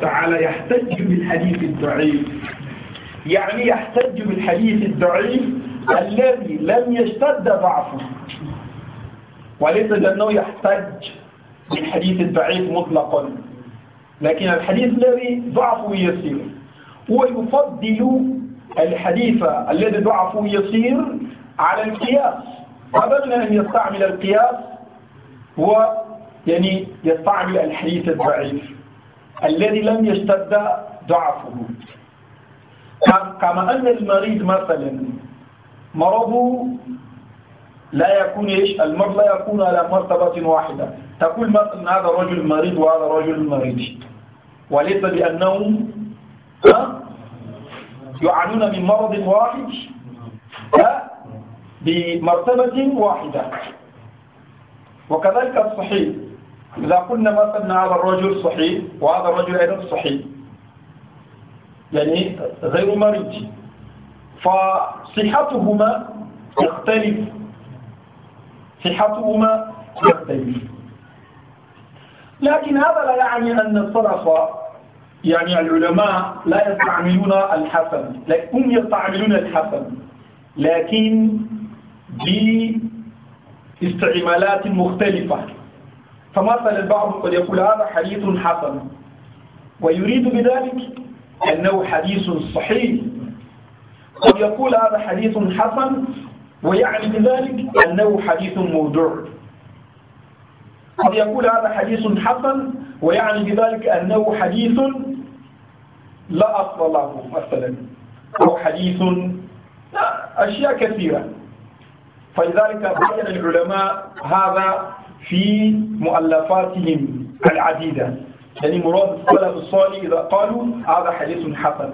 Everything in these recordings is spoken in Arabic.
تعالى يحتج بالحديث الضعيف يعني يحتج بالحديث الضعيف الذي لم يشتد ضعفه وليس لأنه يحتج بالحديث الضعيف مطلقا لكن الحديث الذي ضعفه يسير هو يفضل الحديث الذي ضعفه يسير على القياس قبل أن يستعمل القياس هو يعني يستعمل الحديث الضعيف الذي لم يشتد ضعفه كما أن المريض مثلا مرضه لا يكون إيش المرض لا يكون على مرتبة واحدة تقول مثلا هذا رجل مريض وهذا رجل مريض وليس بأنهم يعانون من مرض واحد بمرتبة واحدة وكذلك الصحيح إذا قلنا مثلا هذا الرجل صحيح وهذا الرجل أيضا صحيح يعني غير مريض فصحتهما تختلف صحتهما تختلف لكن هذا لا يعني أن الصرف يعني العلماء لا يستعملون الحسن هم يستعملون الحسن لكن باستعمالات مختلفة فمثل البعض قد يقول هذا حديث حسن ويريد بذلك أنه حديث صحيح قد يقول هذا حديث حسن ويعني بذلك أنه حديث موضوع قد يقول هذا حديث حسن ويعني بذلك أنه حديث لا أصل له مثلا أو حديث أشياء كثيرة فلذلك بين العلماء هذا في مؤلفاتهم العديدة يعني مراد السلف الصالح إذا قالوا هذا حديث حسن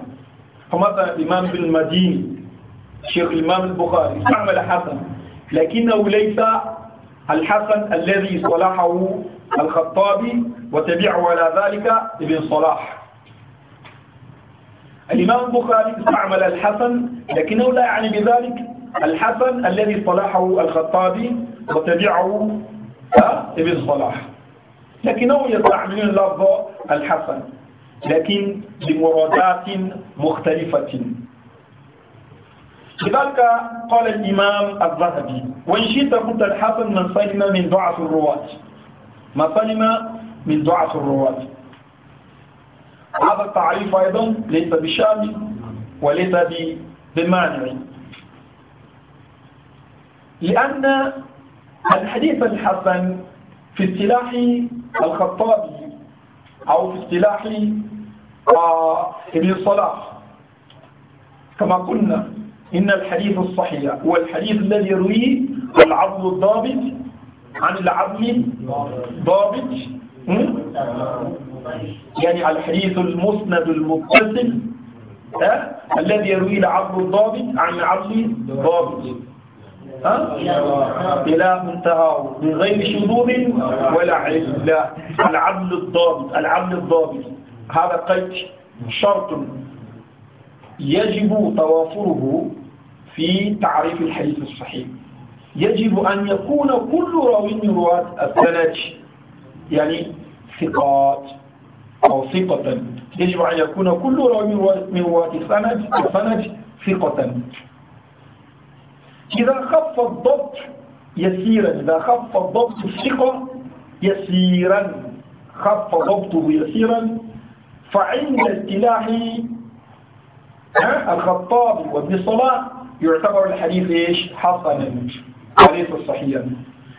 فمثلا الإمام بن المديني شيخ الإمام البخاري استعمل حسن لكنه ليس الحسن الذي صلحه الخطابي وتبعه على ذلك ابن صلاح الإمام البخاري استعمل الحسن لكنه لا يعني بذلك الحسن الذي صلحه الخطابي وتبعه ابن صلاح لكنهم يستعملون لفظ الحسن لكن بمرادات مختلفة لذلك قال الإمام الذهبي وإن شئت قلت الحسن من سلم من ضعف الرواة ما سلم من ضعف الرواة هذا التعريف أيضا ليس بشامل وليس بمانع لأن الحديث الحسن في اصطلاح الخطابي أو في اصطلاح آه، ابن صلاح كما قلنا إن الحديث الصحيح هو الحديث الذي يرويه العضل الضابط عن العضل الضابط يعني الحديث المسند المتصل الذي يرويه العضل الضابط عن العضل الضابط إلى منتهى بغير شذوذ ولا عدل العدل الضابط العدل الضابط هذا قيد شرط يجب توافره في تعريف الحديث الصحيح يجب أن يكون كل راوي من رواة السند يعني ثقات أو ثقة يجب أن يكون كل راوي من رواة السند ثقة إذا خف الضبط يسيرا إذا خف الضبط الثقة يسيرا خف ضبطه يسيرا فعند السلاح الخطاب وابن الصلاح يعتبر الحديث ايش؟ حسنا وليس صحيحا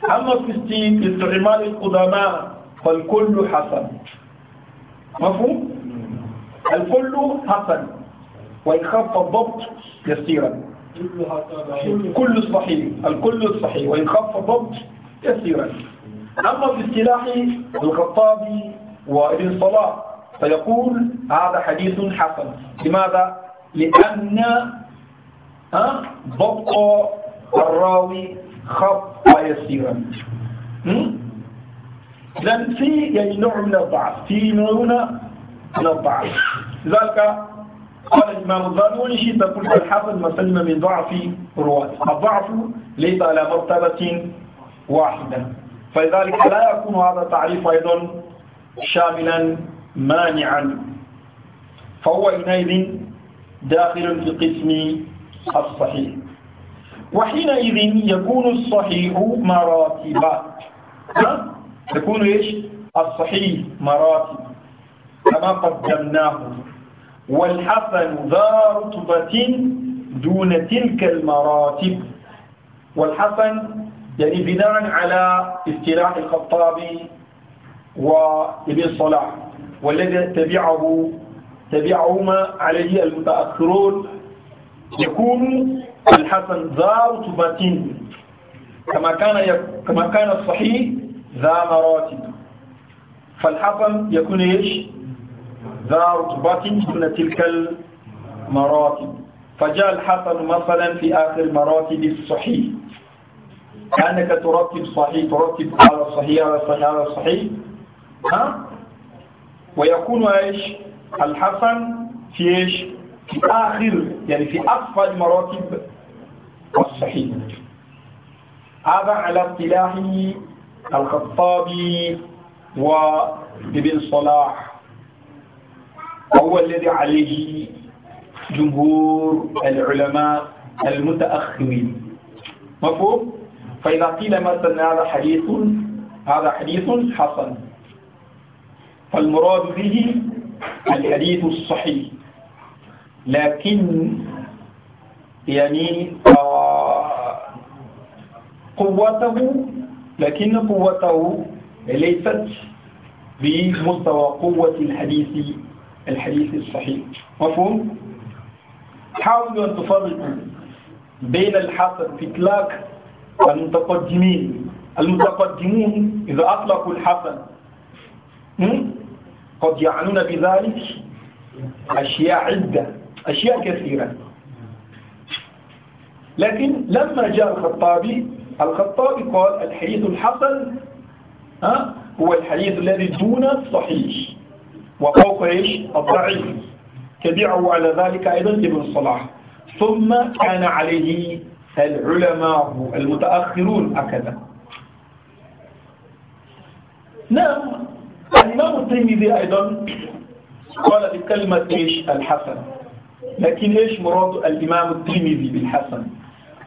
أما في استعمال القدماء فالكل حسن مفهوم؟ الكل حسن وإن خف الضبط يسيرا كل صحيح الكل صحيح وإن خف الضبط كثيرا أما في اصطلاح الخطابي وابن صلاح فيقول هذا حديث حسن لماذا؟ لأن ضبط الراوي خف يسيرا لأن في يعني نوع من الضعف في نوع من الضعف لذلك قال الإمام الظالمون شئت قلت الحافظ ما سلم من ضعف رواة الضعف ليس على مرتبة واحدة فلذلك لا يكون هذا التعريف أيضا شاملا مانعا فهو حينئذ داخل في قسم الصحيح وحينئذ يكون الصحيح مراتبات يكون ايش؟ الصحيح مراتب كما قدمناه والحسن ذا رتبة دون تلك المراتب والحسن يعني بناء على اصطلاح الخطابي وابن صلاح والذي تبعه تبعهما عليه المتأخرون يكون الحسن ذا رتبة كما كان كما كان الصحيح ذا مراتب فالحسن يكون ايش؟ ذا رتبة دون تلك المراتب فجاء الحسن مثلا في آخر مراتب الصحيح كأنك ترتب صحيح ترتب على صحيح على صحيح على صحيح ها ويكون ايش الحسن في ايش في آخر يعني في أسفل مراتب الصحيح هذا على اصطلاح الخطابي وابن صلاح وهو الذي عليه جمهور العلماء المتأخرين مفهوم؟ فإذا قيل مثلا هذا حديث هذا حديث حسن فالمراد به الحديث الصحيح لكن يعني آه، قوته لكن قوته ليست بمستوى قوة الحديث الحديث الصحيح مفهوم؟ حاولوا أن تفرقوا بين الحسن في إطلاق المتقدمين المتقدمون إذا أطلقوا الحسن قد يعنون بذلك أشياء عدة أشياء كثيرة لكن لما جاء الخطابي الخطابي قال الحديث الحسن ها هو الحديث الذي دون الصحيح وفوق إيش الضعيف تبعه على ذلك أيضا ابن صلاح ثم كان عليه العلماء المتأخرون هكذا نعم الإمام الترمذي أيضا قال بكلمة إيش الحسن لكن إيش مراد الإمام الترمذي بالحسن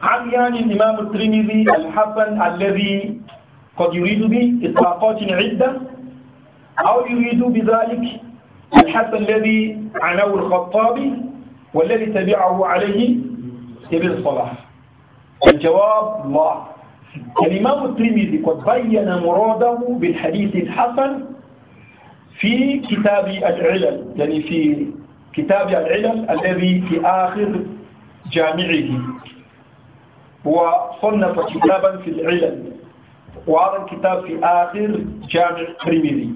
عن يعني الإمام الترمذي الحسن الذي قد يريد به إطلاقات عدة أو يريد بذلك الحسن الذي عنه الخطابي والذي تبعه عليه ابن صلاح الجواب لا الإمام الترمذي قد بين مراده بالحديث الحسن في كتاب العلل يعني في كتاب العلل الذي في آخر جامعه وصنف كتابا في العلل وهذا الكتاب في آخر جامع الترمذي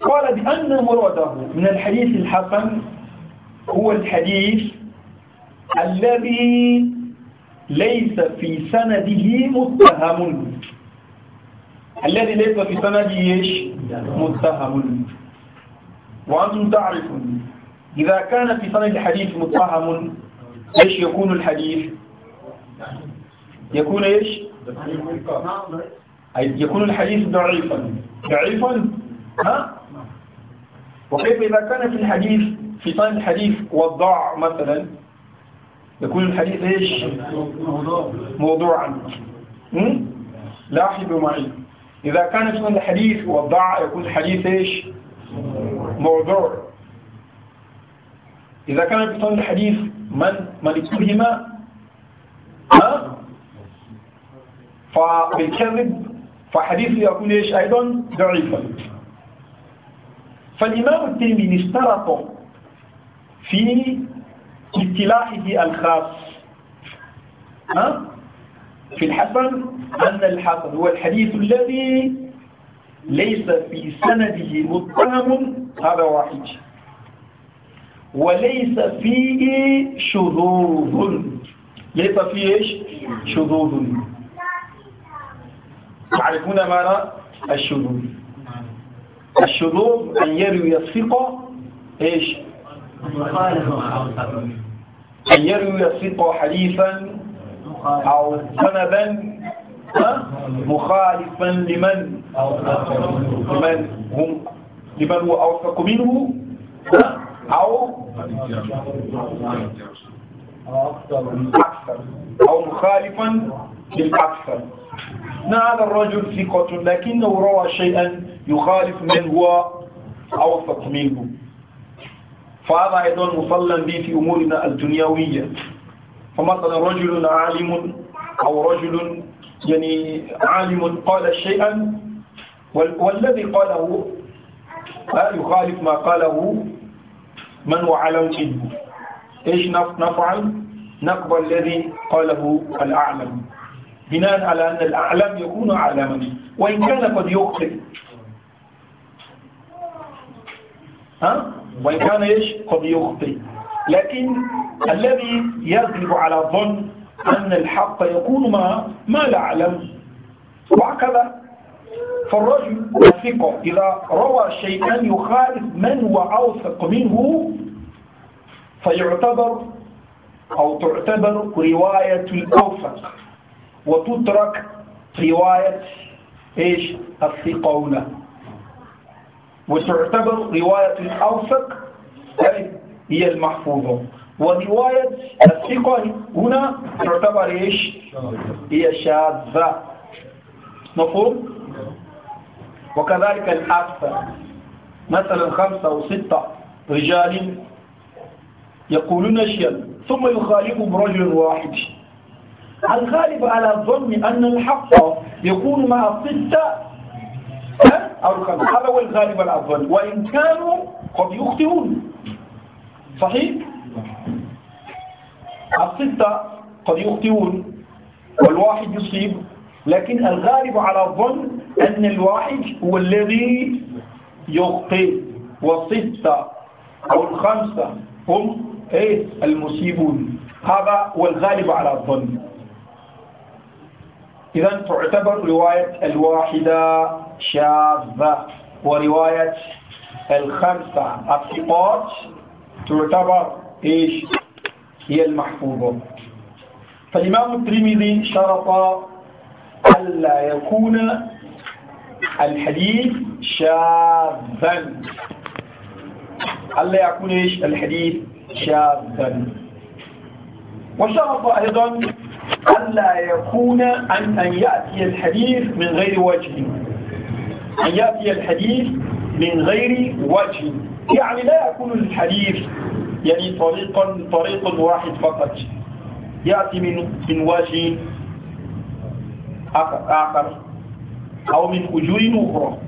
قال بأن مراده من الحديث الحسن هو الحديث الذي ليس في سنده متهم الذي ليس في سنده ايش متهم وانتم تعرفون اذا كان في سند الحديث متهم ايش يكون الحديث يكون ايش يكون الحديث ضعيفا ضعيفا ها وكيف إذا كان في الحديث في طالب الحديث وضع مثلا يكون الحديث إيش موضوعا لاحظوا معي إذا كان في الحديث وضع يكون الحديث إيش موضوع إذا كان في طالب الحديث من من اتهم فبالكذب فحديثه يكون إيش أيضا ضعيفا فالإمام التيمي اشترط في اصطلاحه الخاص ها؟ في الحسن أن الحسن هو الحديث الذي ليس في سنده متهم هذا واحد وليس فيه شذوذ ليس فيه ايش شذوذ تعرفون ماذا؟ الشذوذ الشذوذ أن يروي الثقة إيش أن يروي الثقة حديثا أو سندا مخالفا لمن لمن هم لمن هو أوثق منه أو أكثر أو مخالفا للأكثر نعم، هذا الرجل ثقة لكنه روى شيئا يخالف من هو أوسط منه فهذا أيضا مصلى به في أمورنا الدنيوية فمثلا رجل عالم أو رجل يعني عالم قال شيئا والذي قاله لا يخالف ما قاله من هو اعلم منه إيش نفعل نقبل الذي قاله الأعلم بناء على أن الأعلم يكون أعلم وإن كان قد يخطئ ها وإن كان إيش قد يخطئ لكن الذي يغلب على الظن أن الحق يكون ما ما لا أعلم وهكذا فالرجل الثقة إذا روى شيئا يخالف من هو أوثق منه فيعتبر أو تعتبر رواية الأوثق وتترك رواية إيش الثقة وتعتبر رواية الأوثق أي هي المحفوظة ورواية الثقة هنا تعتبر إيش هي شاذة مفهوم وكذلك الأكثر مثلا خمسة أو ستة رجال يقولون شيئا ثم يخالفهم رجل واحد الغالب على الظن أن الحق يكون مع الستة أو الخلف حلوا الغالب الأفضل وإن كانوا قد يخطئون صحيح؟ الستة قد يخطئون والواحد يصيب لكن الغالب على الظن أن الواحد هو الذي يخطئ والستة أو الخمسة هم إيه المصيبون هذا هو الغالب على الظن إذا تعتبر رواية الواحدة شاذة ورواية الخمسة الثقات تعتبر إيش هي المحفوظة فالإمام الترمذي شرط ألا يكون الحديث شاذا ألا يكون إيش الحديث شاذا وشرط أيضا ألا يكون أن أن يأتي الحديث من غير وجه أن يأتي الحديث من غير وجه يعني لا يكون الحديث يعني طريقا طريق واحد فقط يأتي من من وجه آخر أو من وجوه أخرى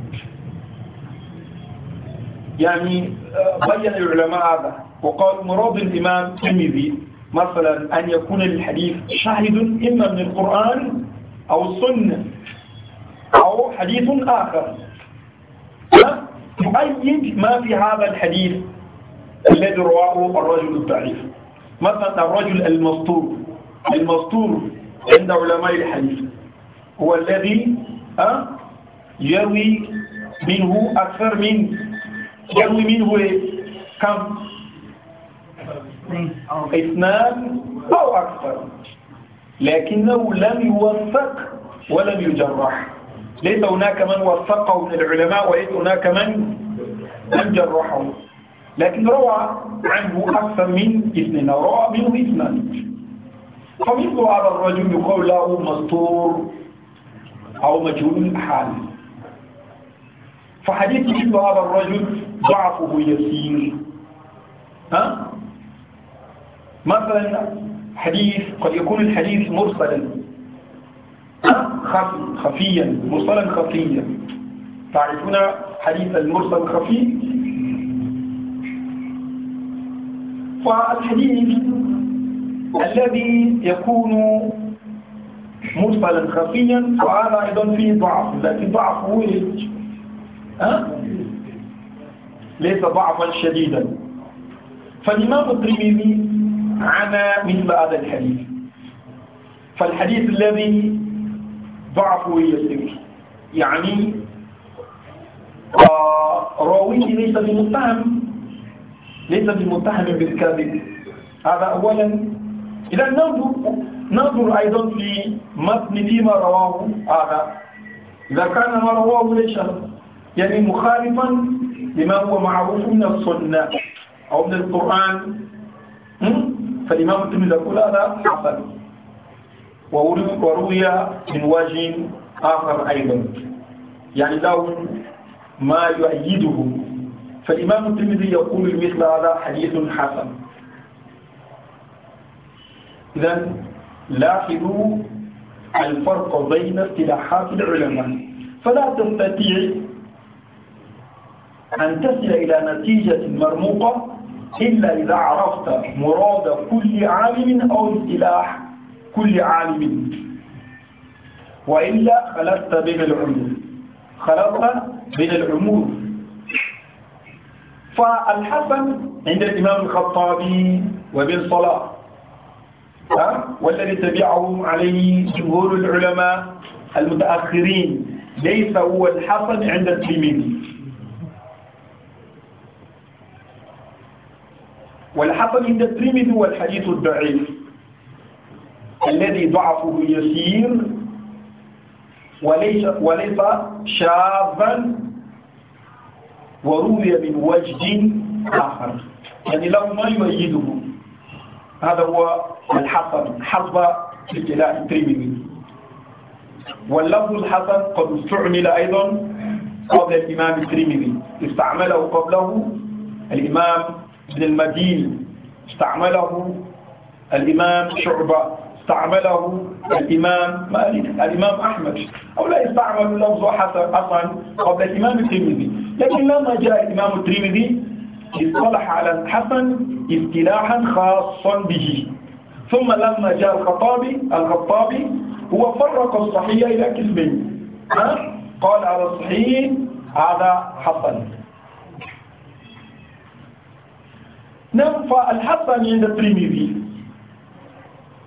يعني آه، بين العلماء هذا وقال مراد الإمام الترمذي مثلا أن يكون للحديث شاهد إما من القرآن أو السنة أو حديث آخر يؤيد ما في هذا الحديث الذي رواه الرجل الضعيف مثلا الرجل المستور المستور عند علماء الحديث هو الذي يروي منه أكثر من يروي منه إيه؟ كم اثنان أو أكثر لكنه لم يوثق ولم يجرح ليس هناك من وثقه من العلماء وليس هناك من لم جرحه لكن روى عنه أكثر من اثنين روى منه اثنان فمثل هذا الرجل يقول له مستور أو مجهول الحال فحديث مثل هذا الرجل ضعفه يسير ها مثلا حديث قد يكون الحديث مرسلا خفي خفيا مرسلا خفيا تعرفون حديث المرسل الخفي فالحديث الذي يكون مرسلا خفيا فهذا ايضا فيه ضعف لكن ضعف وجه ها؟ ليس ضعفا شديدا فالامام الترمذي عنا مثل هذا الحديث فالحديث الذي ضعفه يستوي يعني آه، راويه ليس بمتهم ليس بمتهم بالكذب هذا أولا إذا ننظر ننظر أيضا في متن فيما رواه هذا إذا كان ما رواه ليس يعني مخالفا لما هو معروف من السنة أو من القرآن فالإمام الترمذي يقول هذا حصل وروي من وجه آخر أيضا يعني له ما يؤيده فالإمام الترمذي يقول مثل هذا حديث حسن إذا لاحظوا الفرق بين اصطلاحات العلماء فلا تستطيع أن تصل إلى نتيجة مرموقة إلا إذا عرفت مراد كل عالم أو اصطلاح كل عالم وإلا خلطت بين العمور خلطت بين العمور فالحسن عند الإمام الخطابي وبن صلاح والذي تبعه عليه جمهور العلماء المتأخرين ليس هو الحسن عند التلميذ والحسن عند التلميذ هو الحديث الضعيف الذي ضعفه يسير وليس وليس شابا وروي من وجه آخر يعني له ما يؤيده هذا هو الحسن حسب ابتلاء الترمذي واللفظ الحسن قد استعمل أيضا قبل الإمام الترمذي استعمله قبله الإمام ابن المدين استعمله الإمام شعبة استعمله الإمام مالك الإمام أحمد أو لا يستعمل لفظ حسن قبل الإمام الترمذي لكن لما جاء الإمام الترمذي اصطلح على الحسن اصطلاحا خاصا به ثم لما جاء الخطابي الخطابي هو فرق الصحيح إلى قسمين قال على الصحيح هذا حسن نفى الحسن عند الترمذي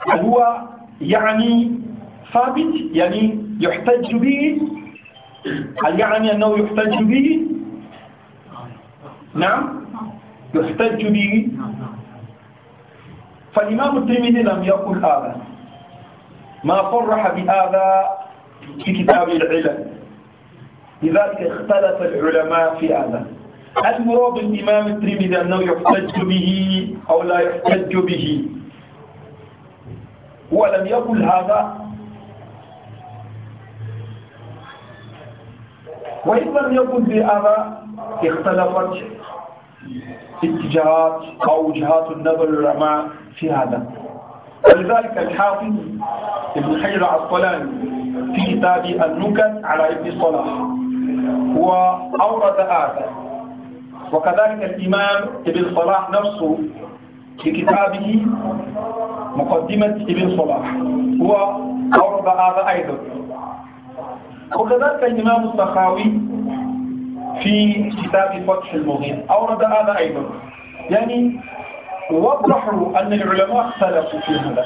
هل هو يعني ثابت يعني يحتج به هل يعني أنه يحتج به نعم يحتج به فالإمام الترمذي لم يقل هذا ما صرح بهذا في كتاب العلم لذلك اختلف العلماء في هذا المراد الإمام الترمذي أنه يحتج به أو لا يحتج به هو لم يقل هذا وإن لم يكن في هذا اختلفت اتجاهات أو وجهات النظر العلماء في هذا ولذلك الحافظ ابن حجر العسقلاني في كتاب النكت على ابن صلاح وأورد هذا آية. وكذلك الإمام ابن صلاح نفسه في كتابه مقدمة ابن صلاح هو أورد هذا أيضا وكذلك الإمام السخاوي في كتاب فتح المغيث أورد هذا أيضا يعني وضحوا أن العلماء اختلفوا في هذا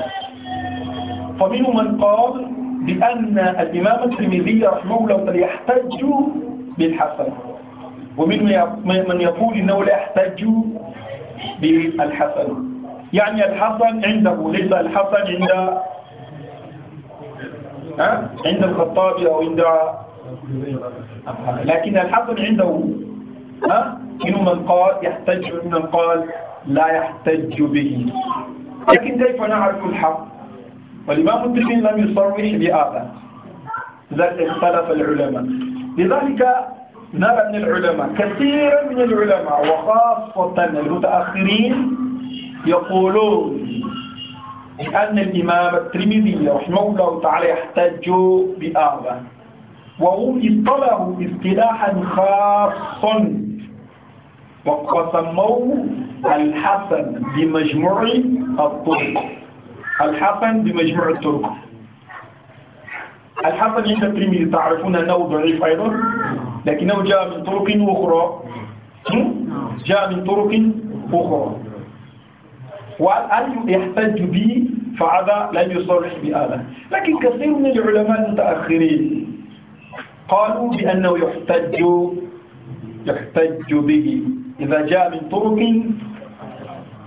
فمنهم من قال بأن الإمام الترمذي رحمه الله يحتج بالحسن ومنهم من يقول إنه لا يحتج بالحسن يعني الحسن عنده ليس الحسن عند ها؟ عند الخطاب أو عند لكن الحسن عنده ها؟ من من قال يحتج من قال لا يحتج به لكن كيف نعرف الحق والإمام الترمذي لم يصرح بهذا لذلك اختلف العلماء لذلك نرى من العلماء كثيرا من العلماء وخاصة المتأخرين يقولون بأن الإمام الترمذي رحمه الله تعالى يحتج بآية وهم اصطلحوا اصطلاحا خاصا وقسموه الحسن بمجموع الطرق الحسن بمجموع الطرق الحسن عند الترمذي تعرفون أنه ضعيف أيضا لكنه جاء من طرق أخرى جاء من طرق أخرى وأن يحتج به فهذا لا يصرح بهذا لكن كثير من العلماء المتأخرين قالوا بأنه يحتج يحتج به إذا جاء من طرق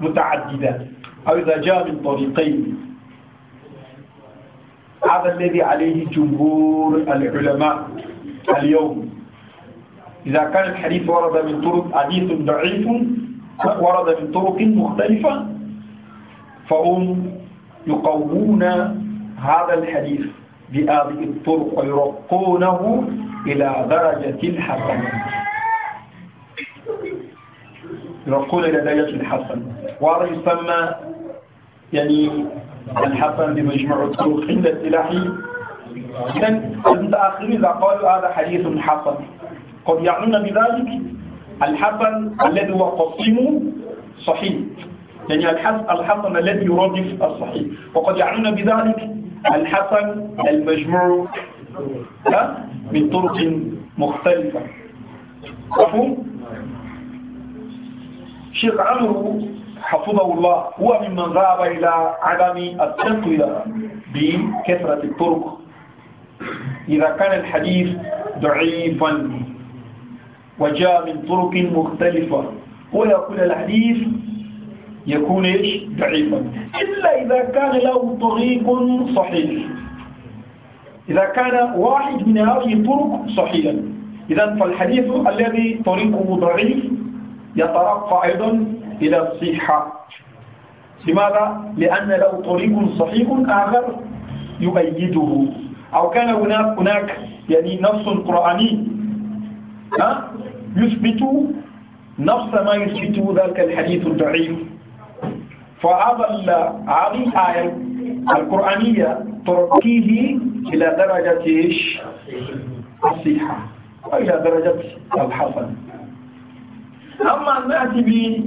متعددة أو إذا جاء من طريقين هذا الذي عليه جمهور العلماء اليوم إذا كان الحديث ورد من طرق حديث ضعيف ورد من طرق مختلفة فهم يقوون هذا الحديث بهذه الطرق ويرقونه إلى درجة الحسن يرقون إلى درجة الحسن وهذا يسمى يعني الحسن بمجموع الطرق عند الإلهي إذا المتأخرين إذا قالوا هذا حديث حسن قد يعنون بذلك الحسن الذي هو قصيم صحيح يعني الحسن الذي يرادف الصحيح وقد يعنون بذلك الحسن المجموع من طرق مختلفة مفهوم؟ شيخ عمرو حفظه الله هو ممن ذهب إلى عدم التقوية بكثرة الطرق إذا كان الحديث ضعيفا وجاء من طرق مختلفة ويقول الحديث يكون إيش ضعيفا إلا إذا كان له طريق صحيح إذا كان واحد من هذه الطرق صحيحا إذا فالحديث الذي طريقه ضعيف يترقى أيضا إلى الصحة لماذا؟ لأن له طريق صحيح آخر يؤيده أو كان هناك هناك يعني نص قرآني يثبت نفس ما يثبته ذلك الحديث الضعيف فهذا هذه الآية القرآنية ترقيه إلى درجة إيش؟ الصحة وإلى درجة الحسن أما أن نأتي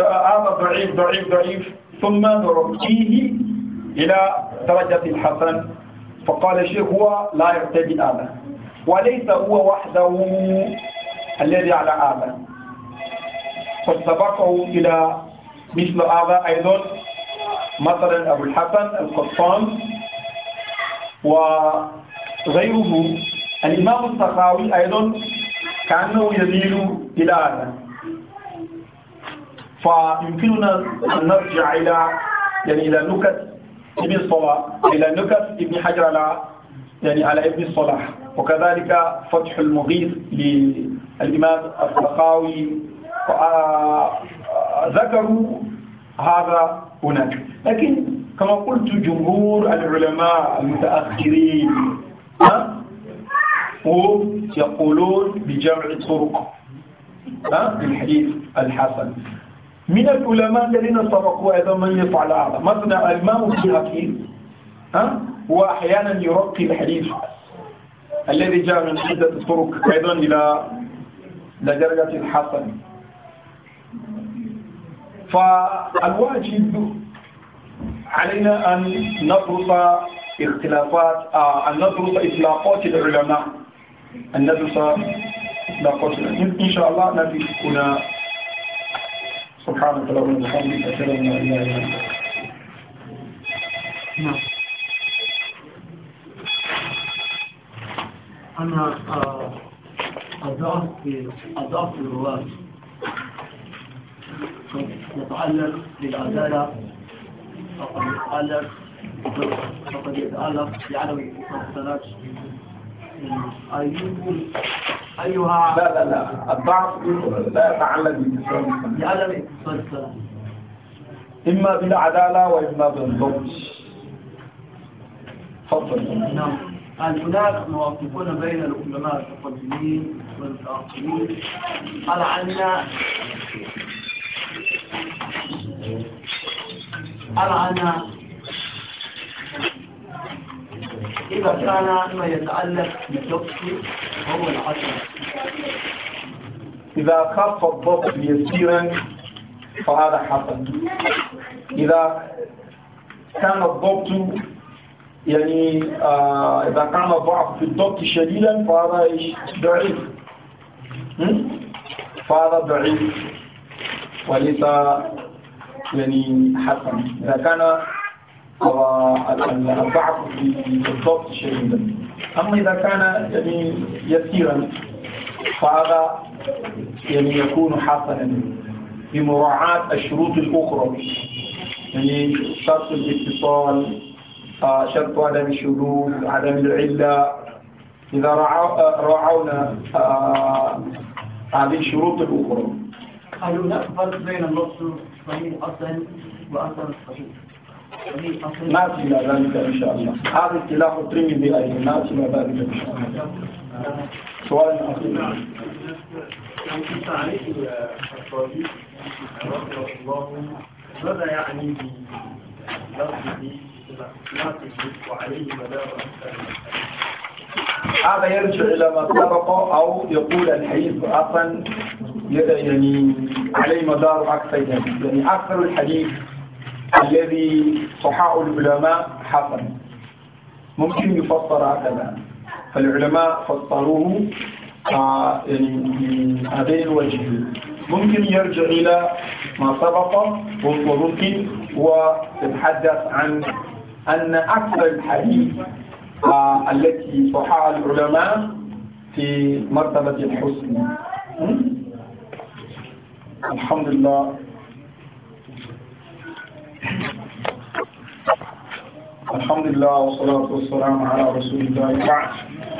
هذا ضعيف ضعيف ضعيف ثم نرقيه إلى درجة الحسن فقال الشيخ هو لا يرتدي هذا وليس هو وحده الذي على هذا فاستبقوا إلى مثل هذا أيضا مثلا أبو الحسن القطان وغيره الإمام السخاوي أيضا كأنه يميل إلى هذا فيمكننا أن نرجع إلى يعني إلى نكت ابن صلاح إلى نكت ابن حجر على يعني على ابن صلاح وكذلك فتح المغيث للإمام السخاوي ذكروا هذا هناك لكن كما قلت جمهور العلماء المتأخرين هم يقولون بجمع طرق الحديث الحسن من العلماء الذين سبقوا أيضا من يفعل هذا مثلا الإمام البيهقي هو أحيانا يرقي الحديث الذي جاء من عدة طرق أيضا إلى درجة الحسن فالواجب علينا أن ندرس اختلافات آه، أن ندرس إطلاقات العلماء أن ندرس إطلاقات العلماء إن شاء الله نبي هنا سبحانك اللهم وبحمدك أشهد أن لا إله إلا أنت نعم. أنا آه، أضعت أضعت الرواية يتعلق بالعدالة فقد يتعلق فقد يتعلق بعدم الحسنات أيها لا لا لا الضعف لا يتعلق بعدم الحسنات إما بالعدالة وإما بالضبط تفضل نعم هل هناك موافقون بين العلماء المتقدمين والمتأخرين على أن أرعنا إذا كان ما يتعلق بالضبط هو العشر إذا خف الضبط يسيرا فهذا حسن إذا كان الضبط يعني آه إذا كان الضعف في الضبط شديدا فهذا ضعيف فهذا ضعيف وليس يعني حسن إذا كان الضعف في الضبط شديدا أما إذا كان يعني يسيرا فهذا يعني يكون حسنا بمراعاة الشروط الأخرى يعني شرط الاتصال آه، شرط عدم الشذوذ عدم العلة إذا راعونا آه، آه، هذه الشروط الأخرى قالوا فرق بين النص صحيح ما إلى ذلك إن شاء الله هذا اختلاف الترمذي أيضا ما إلى ذلك إن شاء الله سؤال أخير كنت عليه الخطابي رضي الله ماذا يعني بلفظه وعليه هذا يرجع إلى ما سبق أو يقول الحديث أصلا يعني عليه مدار أكثر يعني, يعني أكثر الحديث الذي صحاء العلماء حسن ممكن يفسر هكذا فالعلماء فسروه آه، يعني من هذين الوجهين ممكن يرجع إلى ما سبق وممكن هو يتحدث عن أن أكثر الحديث آه، التي صحاها العلماء في مرتبة الحسن الحمد لله الحمد لله والصلاة والسلام على رسول الله